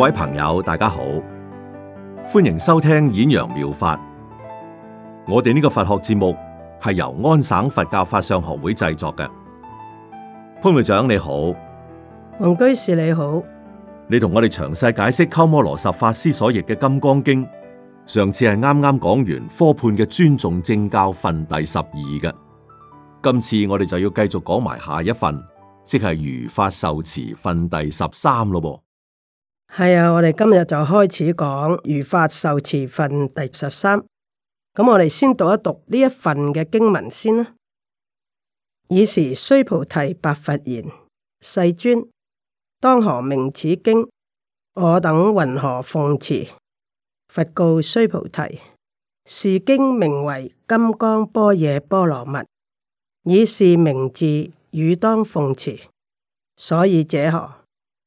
各位朋友，大家好，歡迎收聽演陽妙，妙法。我哋呢個佛學節目係由安省佛教法上學會製作嘅。潘會長你好，黃居士你好，你同我哋詳細解釋鳩摩羅什法，法師所譯嘅《金剛經》。上次係啱啱講完科判嘅尊重正教分第十二嘅，今次我哋就要繼續講埋下一份，即係如法受持分第十三咯。係啊、哎，我哋今日就開始講如法受持分第十三。咁我哋先讀一讀呢一份嘅經文先啦。爾時須菩提白佛言：世尊，當何名此經？我等云何奉持？佛告須菩提：是經名為《金剛般若波羅蜜》，以是名字汝當奉持。所以者何？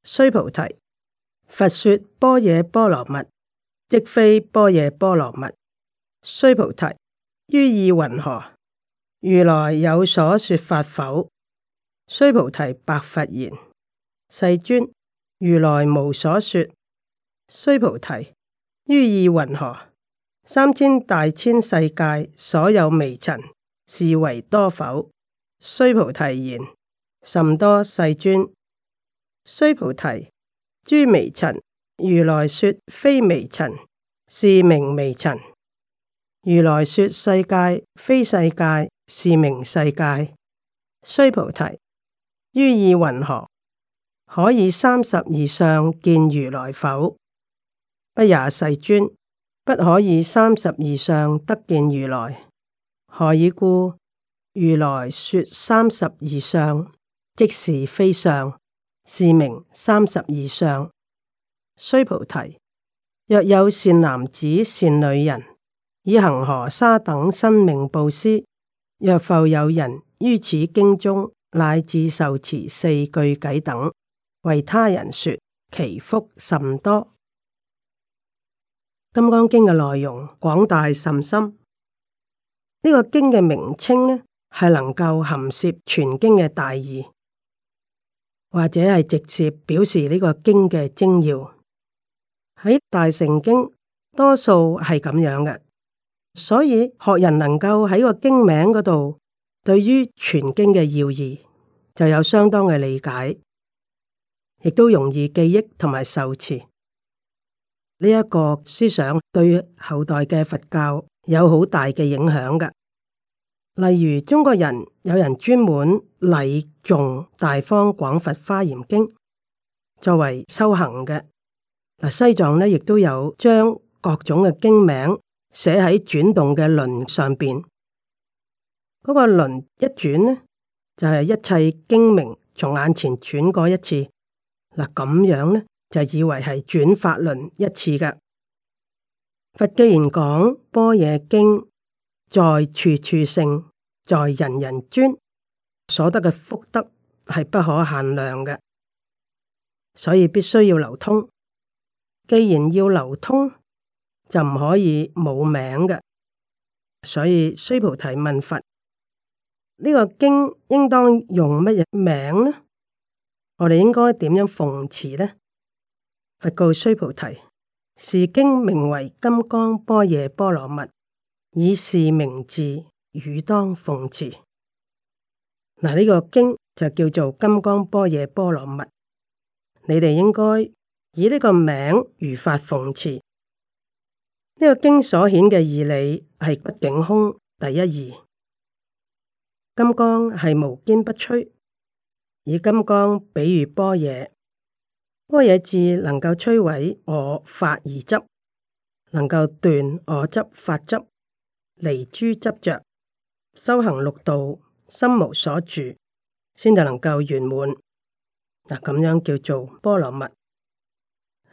須菩提。佛說般若波羅蜜，即非般若波羅蜜。須菩提，於意云何？如來有所說法否？須菩提白佛言：世尊，如來無所說。須菩提，於意云何？三千大千世界所有微塵，是為多否？須菩提言：甚多。世尊。須菩提。諸微塵，如來說非微塵，是名微塵。如來說世界非世界，是名世界。須菩提，於意云何？可以三十二相見如來否？不也，世尊。不可以三十二相得見如來。何以故？如來說三十二相即是非相。是名三十二相。須菩提，若有善男子、善女人，以恒河沙等身命布施；若復有人於此經中乃至受持四句偈等，為他人說，其福甚多。金剛經嘅內容廣大甚深，呢個經嘅名稱呢，係能夠含攝全經嘅大義。或者係直接表示呢個經嘅精要，喺大乘經多數係咁樣嘅，所以學人能夠喺個經名嗰度，對於全經嘅要義就有相當嘅理解，亦都容易記憶同埋受持。呢一個思想，對後代嘅佛教有好大嘅影響㗎。例如中國人有人專門禮誦大方廣佛華嚴經作為修行嘅嗱，西藏咧亦都有將各種嘅經名寫喺轉動嘅輪上邊，嗰、那個輪一轉呢，就係、是、一切經名從眼前轉過一次嗱，咁樣呢，就以為係轉法輪一次㗎。佛既然講般若經。在處處勝，在人人尊，所得嘅福德係不可限量嘅，所以必須要流通。既然要流通，就唔可以冇名嘅，所以須菩提問佛：呢個經應當用乜嘢名呢？我哋應該點樣奉持呢？佛告須菩提：是經名為《金剛般若波羅蜜》。以是名字，汝當奉持。嗱，呢個經就叫做《金剛般若波羅蜜》，你哋應該以呢個名如法奉持。呢、這個經所顯嘅義理係畢竟空第一義，金剛係無堅不摧，以金剛比喻般若，般若智能夠摧毀我法而執，能夠斷我執法執。離諸執着，修行六度，心無所住，先至能夠圓滿。嗱，咁樣叫做波羅蜜。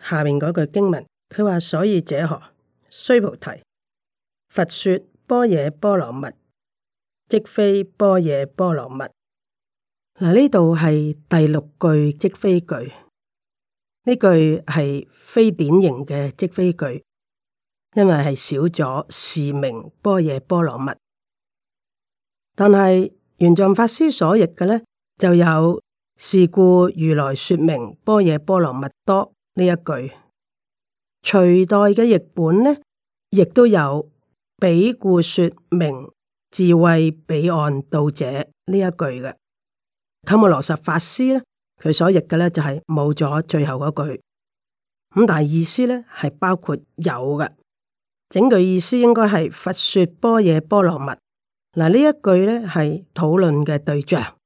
下面嗰句經文，佢話，所以者何？須菩提，佛說般若波羅蜜即非般若波羅蜜。嗱，呢度係第六句即非句，呢句係非典型嘅即非句。因為係少咗是名般若波羅蜜，但係玄奘法師所譯嘅呢，就有是故如來說明般若波羅蜜多呢一句。隋代嘅譯本呢，亦都有比故說明智慧彼岸道者呢一句嘅。鳩摩羅什法師呢，佢所譯嘅呢，就係冇咗最後嗰句，咁但係意思呢，係包括有嘅。整句意思應該係佛說般若波羅蜜。嗱，呢一句呢係討論嘅對象，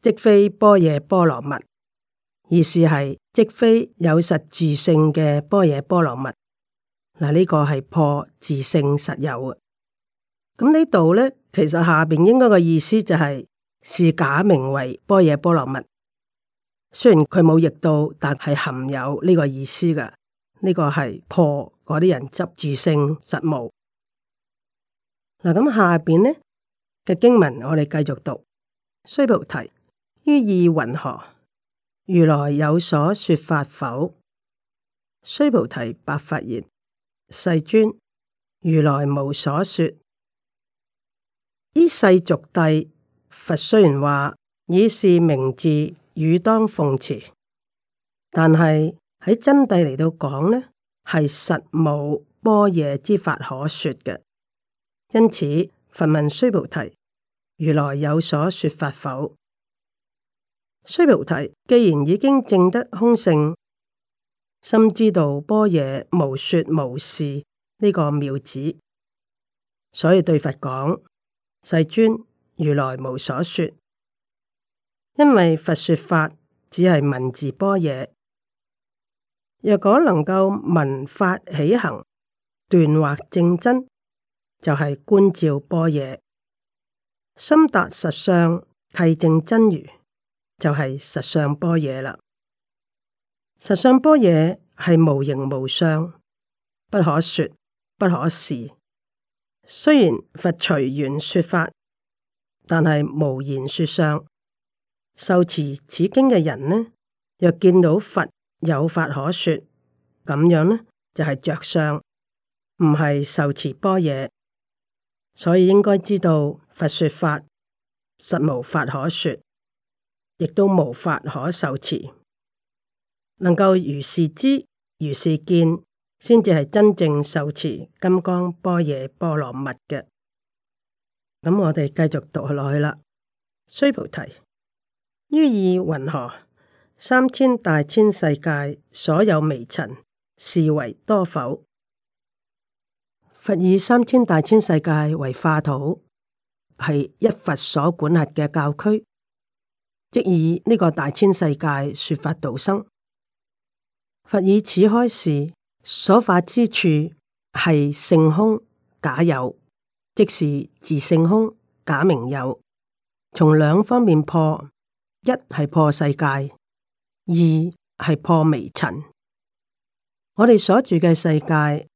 即非般若波羅蜜，意思係即非有實自性嘅般若波羅蜜。嗱，呢個係破自性實有嘅。咁呢度呢，其實下邊應該個意思就係、是、是假名為般若波羅蜜。雖然佢冇譯到，但係含有呢個意思噶。呢個係破嗰啲人執著性實無。嗱、nah, 咁下邊呢嘅經文，我哋繼續讀。須菩提於意云何？如來有所說法否？須菩提白佛言：世尊，如來無所說。依世俗諦，佛雖然話以是名字汝當奉持，但係。喺真諦嚟到講呢，係實無般若之法可說嘅。因此，佛問須菩提：如來有所說法否？須菩提，既然已經證得空性，深知道般若無說無事呢個妙旨，所以對佛講：世尊，如來無所說。因為佛說法只係文字般若。若果能夠聞法起行，斷惑證真，就係、是、觀照般若，深達實相契證真如，就係、是、實相般若啦。實相般若係無形無相，不可說，不可視。雖然佛隨緣說法，但係無言說相。受持此經嘅人呢，若見到佛，有法可說，咁樣呢就係、是、着相，唔係受持般若。所以應該知道佛說法，實無法可說，亦都無法可受持，能夠如是知如是見，先至係真正受持金剛般若波羅蜜嘅。咁我哋繼續讀落去啦。須菩提，於意云何？三千大千世界所有微塵是為多否？佛以三千大千世界為化土，係一佛所管轄嘅教區，即以呢個大千世界說法度生。佛以此開示所化之處係性空假有，即是自性空假名有，從兩方面破，一係破世界。二係破微塵，我哋所住嘅世界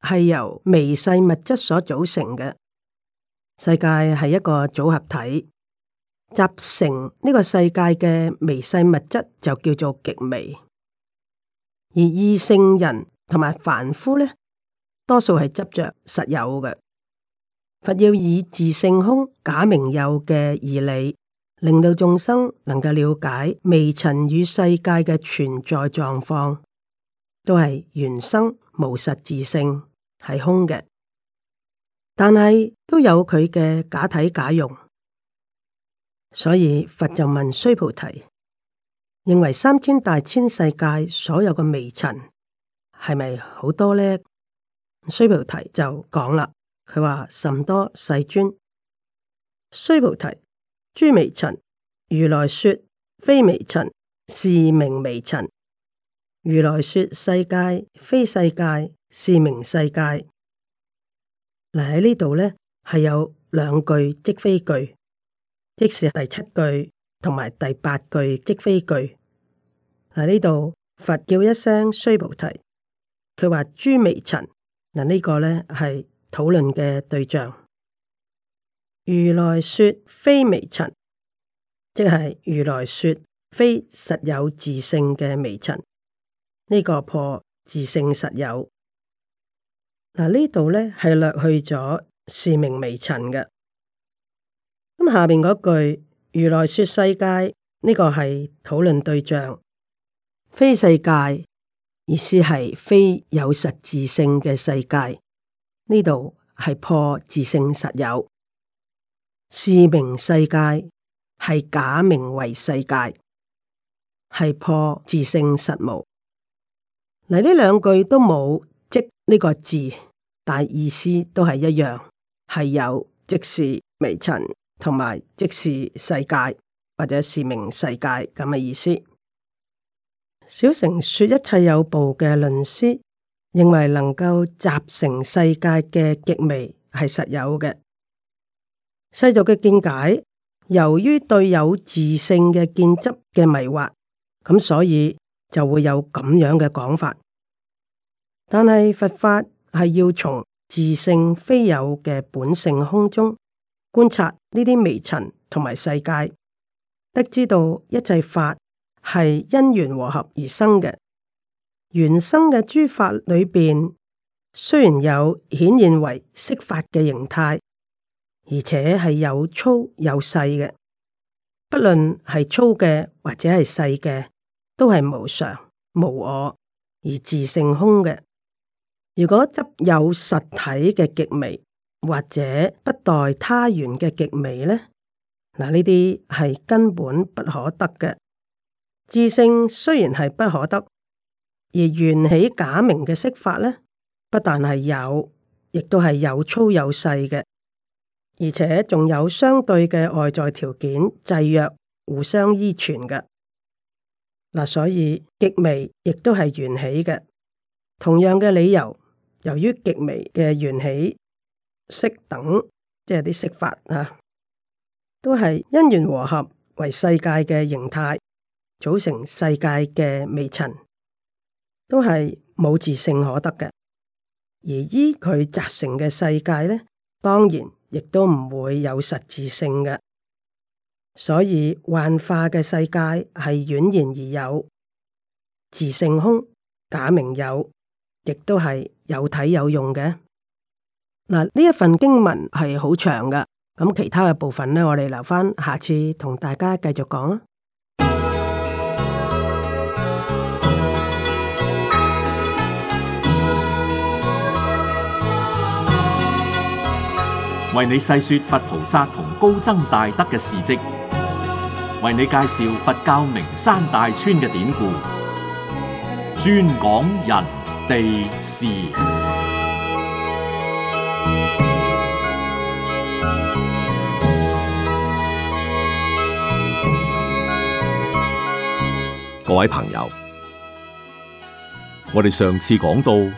係由微細物質所組成嘅，世界係一個組合體，集成呢個世界嘅微細物質就叫做極微。而異性人同埋凡夫呢，多數係執着實有嘅，佛要以自性空假名有嘅義理。令到眾生能夠了解微塵與世界嘅存在狀況，都係原生無實自性係空嘅，但係都有佢嘅假體假用，所以佛就問「須菩提，認為三千大千世界所有嘅微塵係咪好多呢？」須菩提就講啦，佢話甚多世尊。須菩提。諸微塵，如來說非微塵，是名微塵。如來說世界非世界，是名世界。嗱喺呢度咧，係有兩句即非句，即是第七句同埋第八句即非句。嗱呢度佛叫一聲須菩提，佢話諸微塵嗱、這個、呢個咧係討論嘅對象。如來說非微塵，即係如來說非實有自性嘅微塵。呢個破自性實有。嗱，呢度咧係略去咗是名微塵嘅。咁下面嗰句如來說世界，呢個係討論對象，非世界意思係非有實自性嘅世界。呢度係破自性實有。是名世界，係假名為世界，係破自性實無。嚟，呢兩句都冇即呢個字，但意思都係一樣，係有即是微塵同埋即是世界或者是名世界咁嘅意思。小乘說一切有部嘅論師認為能夠集成世界嘅極微係實有嘅。世俗嘅見解，由於對有自性嘅見執嘅迷惑，咁所以就會有咁樣嘅講法。但係佛法係要從自性非有嘅本性空中觀察呢啲微塵同埋世界，得知道一切法係因緣和合而生嘅。原生嘅諸法裏邊，雖然有顯現為色法嘅形態。而且係有粗有細嘅，不論係粗嘅或者係細嘅，都係無常、無我而自性空嘅。如果執有實體嘅極微，或者不待他緣嘅極微呢？嗱，呢啲係根本不可得嘅。自性雖然係不可得，而緣起假名嘅色法呢？不但係有，亦都係有粗有細嘅。而且仲有相對嘅外在條件制約，互相依存嘅嗱、啊，所以極微亦都係緣起嘅。同樣嘅理由，由於極微嘅緣起，色等即係啲色法啊，都係因緣和合為世界嘅形態，組成世界嘅微塵，都係冇自性可得嘅。而依佢集成嘅世界咧，當然。亦都唔會有實質性嘅，所以幻化嘅世界係宛然而有，自性空，假名有，亦都係有體有用嘅。嗱，呢一份經文係好長㗎，咁其他嘅部分呢，我哋留翻下次同大家繼續講。為你細說佛菩薩同高僧大德嘅事跡，為你介紹佛教名山大川嘅典故，專講人地事。各位朋友，我哋上次講到。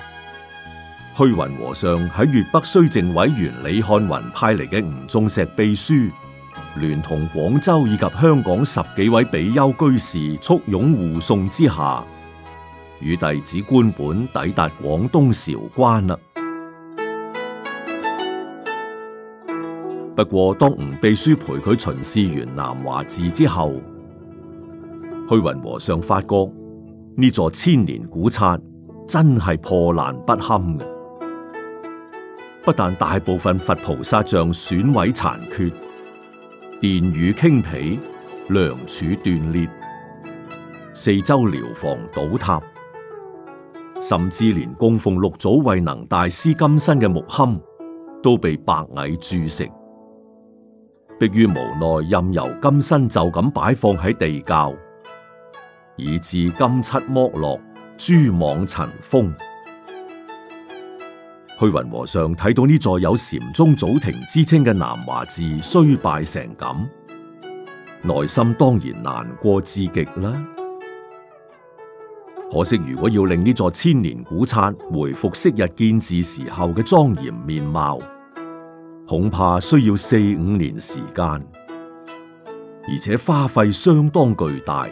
虛雲和尚喺粵北綏靖委員李漢雲派嚟嘅吳仲石秘書，聯同廣州以及香港十幾位比丘居士簇擁護送之下，與弟子觀本抵達廣東韶關啦。不過，當吳秘書陪佢巡視完南華寺之後，虛雲和尚發覺呢座千年古剎真係破爛不堪嘅。不但大部分佛菩薩像損毀殘缺，殿宇傾圮、梁柱斷裂，四周寮房倒塌，甚至連供奉六祖慧能大師金身嘅木龕都被白蟻蛀食，迫於無奈，任由金身就咁擺放喺地窖，以致金漆剝落，蛛網塵封。虛雲和尚睇到呢座有禪宗祖庭之稱嘅南華寺，衰敗成咁，內心當然難過至極啦。可惜如果要令呢座千年古剎回復昔日建寺時候嘅莊嚴面貌，恐怕需要四五年時間，而且花費相當巨大，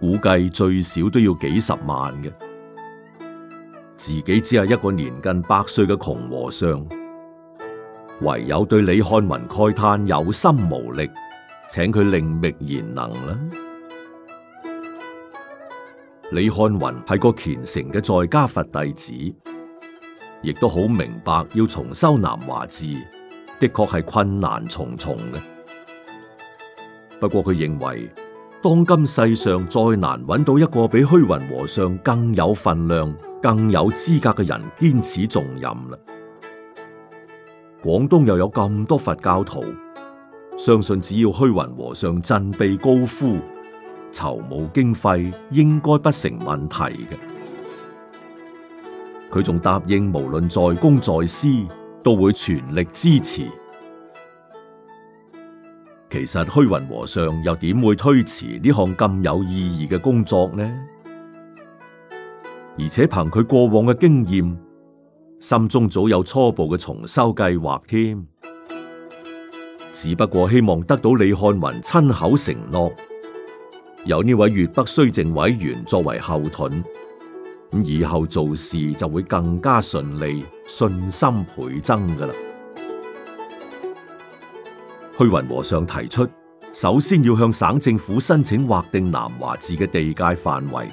估計最少都要幾十萬嘅。自己只係一個年近百歲嘅窮和尚，唯有對李漢雲慨嘆有心無力，請佢另覓賢能啦。李漢雲係個虔誠嘅在家佛弟子，亦都好明白要重修南華寺，的確係困難重重嘅。不過佢認為，當今世上再難揾到一個比虛雲和尚更有分量。更有資格嘅人堅持重任啦！廣東又有咁多佛教徒，相信只要虛雲和尚振臂高呼，籌募經費應該不成問題嘅。佢仲答應無論在公在私，都會全力支持。其實虛雲和尚又點會推辭呢項咁有意義嘅工作呢？而且憑佢過往嘅經驗，心中早有初步嘅重修計劃添。只不過希望得到李漢雲親口承諾，由呢位粵北綏靖委員作為後盾，咁以後做事就會更加順利，信心倍增噶啦。虛雲和尚提出，首先要向省政府申請劃定南華寺嘅地界範圍。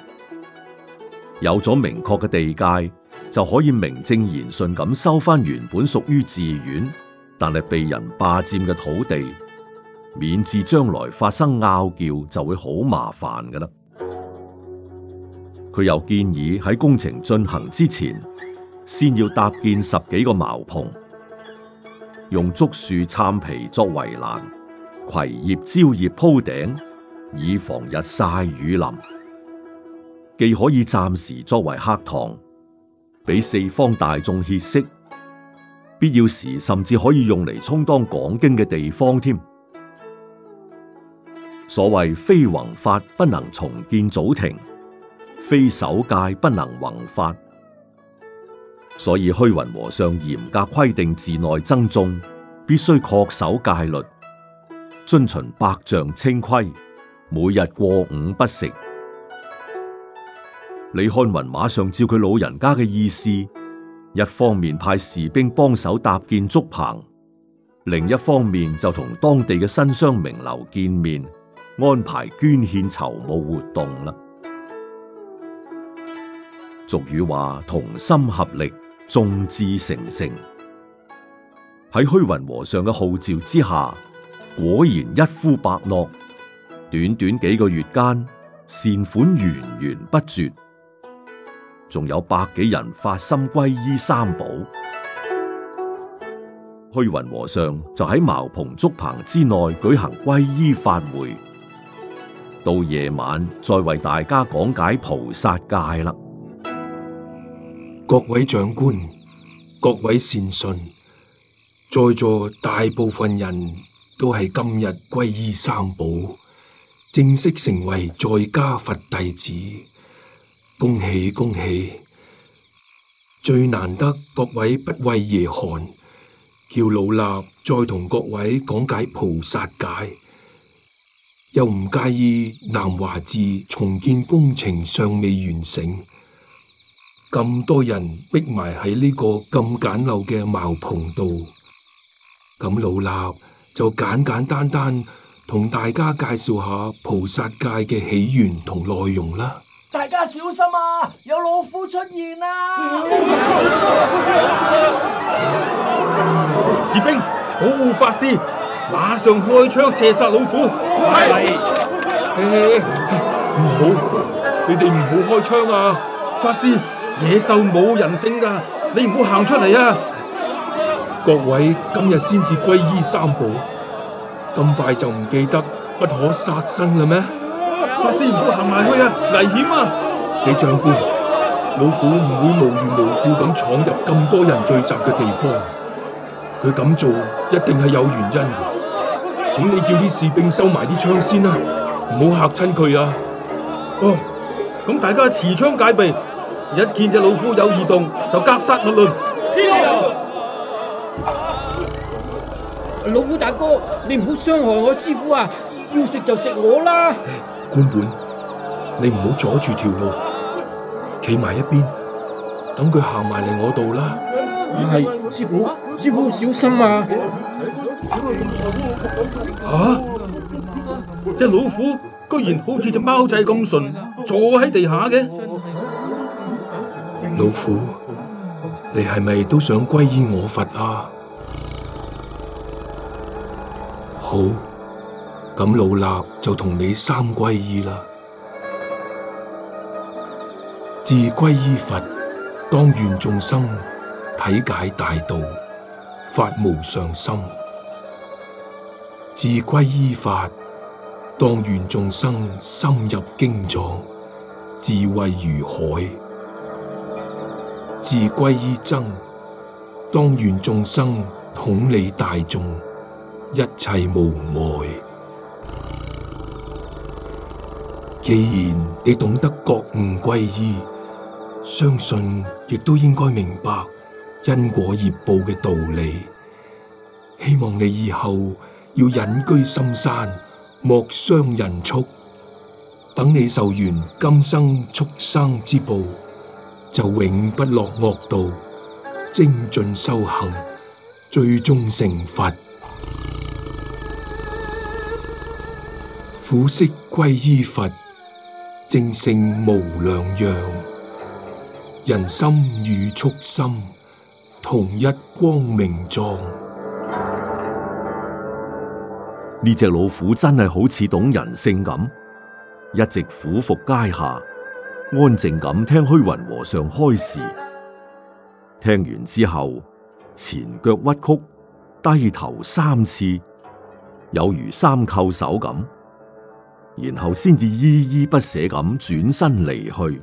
有咗明確嘅地界，就可以名正言順咁收返原本屬於寺院，但係被人霸佔嘅土地，免至將來發生拗撬就會好麻煩㗎喇。佢又建議喺工程進行之前，先要搭建十幾個茅棚，用竹樹杉皮作圍欄，葵葉蕉葉鋪頂，頂，以防日曬雨淋。既可以暫時作為客堂，俾四方大眾歇息，必要時甚至可以用嚟充當講經嘅地方添。所謂非弘法不能重建祖庭，非守戒不能弘法，所以虛雲和尚嚴格規定寺內僧眾必須恪守戒律，遵循百丈清規，每日過午不食。李漢文馬上照佢老人家嘅意思，一方面派士兵幫手搭建竹棚，另一方面就同當地嘅新商名流見面，安排捐獻籌募活動啦。俗語話，同心合力，眾志成城。喺虛雲和尚嘅號召之下，果然一呼百諾，短短幾個月間，善款源源不絕。仲有百幾人發心皈依三寶，虛雲和尚就喺茅蓬竹棚之內舉行皈依法會，到夜晚再為大家講解菩薩戒啦。各位長官，各位善信，在座大部分人都係今日皈依三寶，正式成為在家佛弟子。恭喜恭喜！最難得各位不畏夜寒，叫老衲再同各位講解菩薩戒，又唔介意南華寺重建工程尚未完成，咁多人逼埋喺呢個咁簡陋嘅茅棚度，咁老衲就簡簡單單同大家介紹下菩薩戒嘅起源同內容啦。大家小心啊！有老虎出現啊！嗯、士兵保護法師，馬上開槍射殺老虎。係、哎，唔好、哎、唔好，你哋唔好開槍啊！法師，野獸冇人性噶，你唔好行出嚟啊！各位今日先至皈依三寶，咁快就唔記得不可殺生啦咩？法師，唔好行埋去啊！危險啊！李將官，老虎唔會無緣無故咁闖入咁多人聚集嘅地方，佢咁做一定係有原因嘅。請你叫啲士兵收埋啲槍先啦，唔好嚇親佢啊！哦，咁大家持槍戒備，一見隻老虎有異動就格殺勿論。老虎大哥，你唔好傷害我師傅啊！要食就食我啦！官本，你唔好阻住條路，企埋一邊，等佢行埋嚟我度啦。係是，師傅父，師傅小心啊！吓、啊，隻、啊、老虎居然好似隻貓仔咁馴，坐喺地下嘅。啊、老虎，你係咪都想皈依我佛啊？好。咁老衲就同你三歸依啦。自歸依佛，當願眾生體解大道，發無上心；自歸依法，當願眾生深入經藏，智慧如海；自歸依僧，當願眾生統理大眾，一切無礙。既然你懂得覺悟歸依，相信亦都應該明白因果業報嘅道理。希望你以後要隱居深山，莫傷人畜。等你受完今生畜生之報，就永不落惡道，精進修行，最終成佛，虎誓歸依佛。正性無兩樣，人心與畜心，同一光明狀。呢隻老虎真係好似懂人性咁，一直俯伏階下，安靜咁聽虛雲和尚開示。聽完之後，前腳屈曲，低頭三次，有如三叩首咁。然後先至依依不捨咁轉身離去，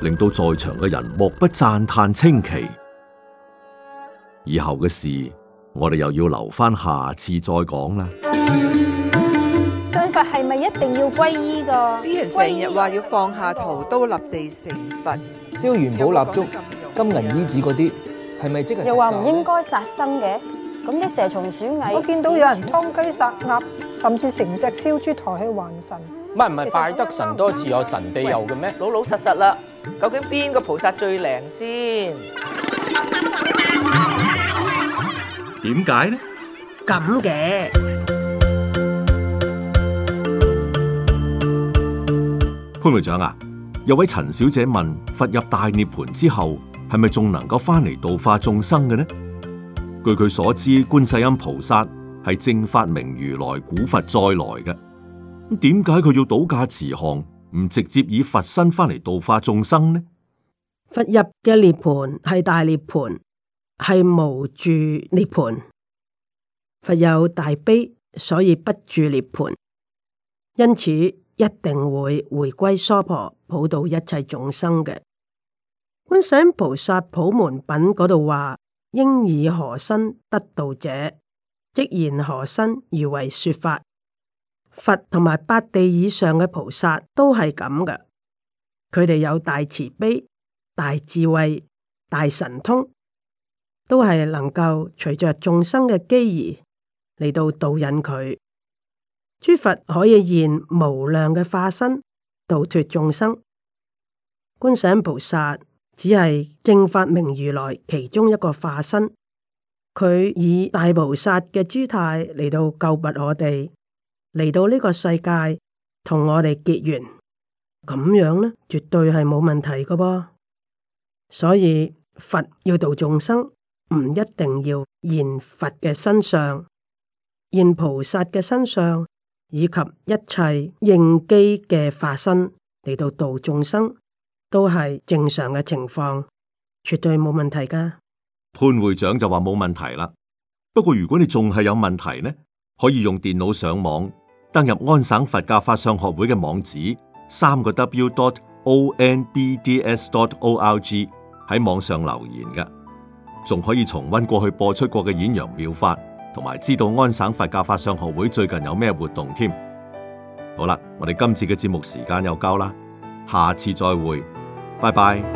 令到在場嘅人莫不讚嘆清奇。以後嘅事，我哋又要留翻下，下次再講啦。信佛係咪一定要皈依噶？啲人成日話要放下屠刀立地成佛，燒元寶蠟燭、金銀衣紙嗰啲，係咪即係？又話唔應該殺生嘅，咁啲蛇蟲鼠蟻，我見到有人劏雞殺鴨。甚至成隻燒豬抬去還神，唔係唔係拜得神多自有神庇佑嘅咩？老老實實啦，究竟邊個菩薩最靈先？點解呢？咁嘅潘會長啊，有位陳小姐問：佛入大涅盤之後，係咪仲能夠翻嚟度化眾生嘅呢？據佢所知，觀世音菩薩。係正法明如來古佛再來嘅，咁點解佢要倒駕慈航，唔直接以佛身翻嚟度化眾生呢？佛入嘅涅盤係大涅盤，係無住涅盤。佛有大悲，所以不住涅盤，因此一定會回歸娑婆，普度一切眾生嘅。觀世音菩薩普門品嗰度話：應以何身得度者？即現何身而為說法？佛同埋八地以上嘅菩薩都係咁嘅，佢哋有大慈悲、大智慧、大神通，都係能夠隨着眾生嘅機宜嚟到導引佢。諸佛可以現無量嘅化身，度脫眾生。觀世音菩薩只係正法明如來其中一個化身。佢以大菩薩嘅姿態嚟到救拔我哋，嚟到呢個世界同我哋結緣，咁樣呢絕對係冇問題噶噃。所以佛要度眾生，唔一定要現佛嘅身相，現菩薩嘅身相，以及一切應機嘅化身嚟到度眾生，都係正常嘅情況，絕對冇問題噶。潘會長就話冇問題啦，不過如果你仲係有問題呢，可以用電腦上網登入安省佛教法相學會嘅網址，三個 W dot O N B D S dot O R G 喺網上留言嘅，仲可以重温過去播出過嘅演揚妙法，同埋知道安省佛教法相學會最近有咩活動添。好啦，我哋今次嘅節目時間又夠啦，下次再會，拜拜。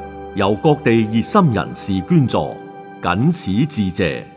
由各地熱心人士捐助，謹此致謝。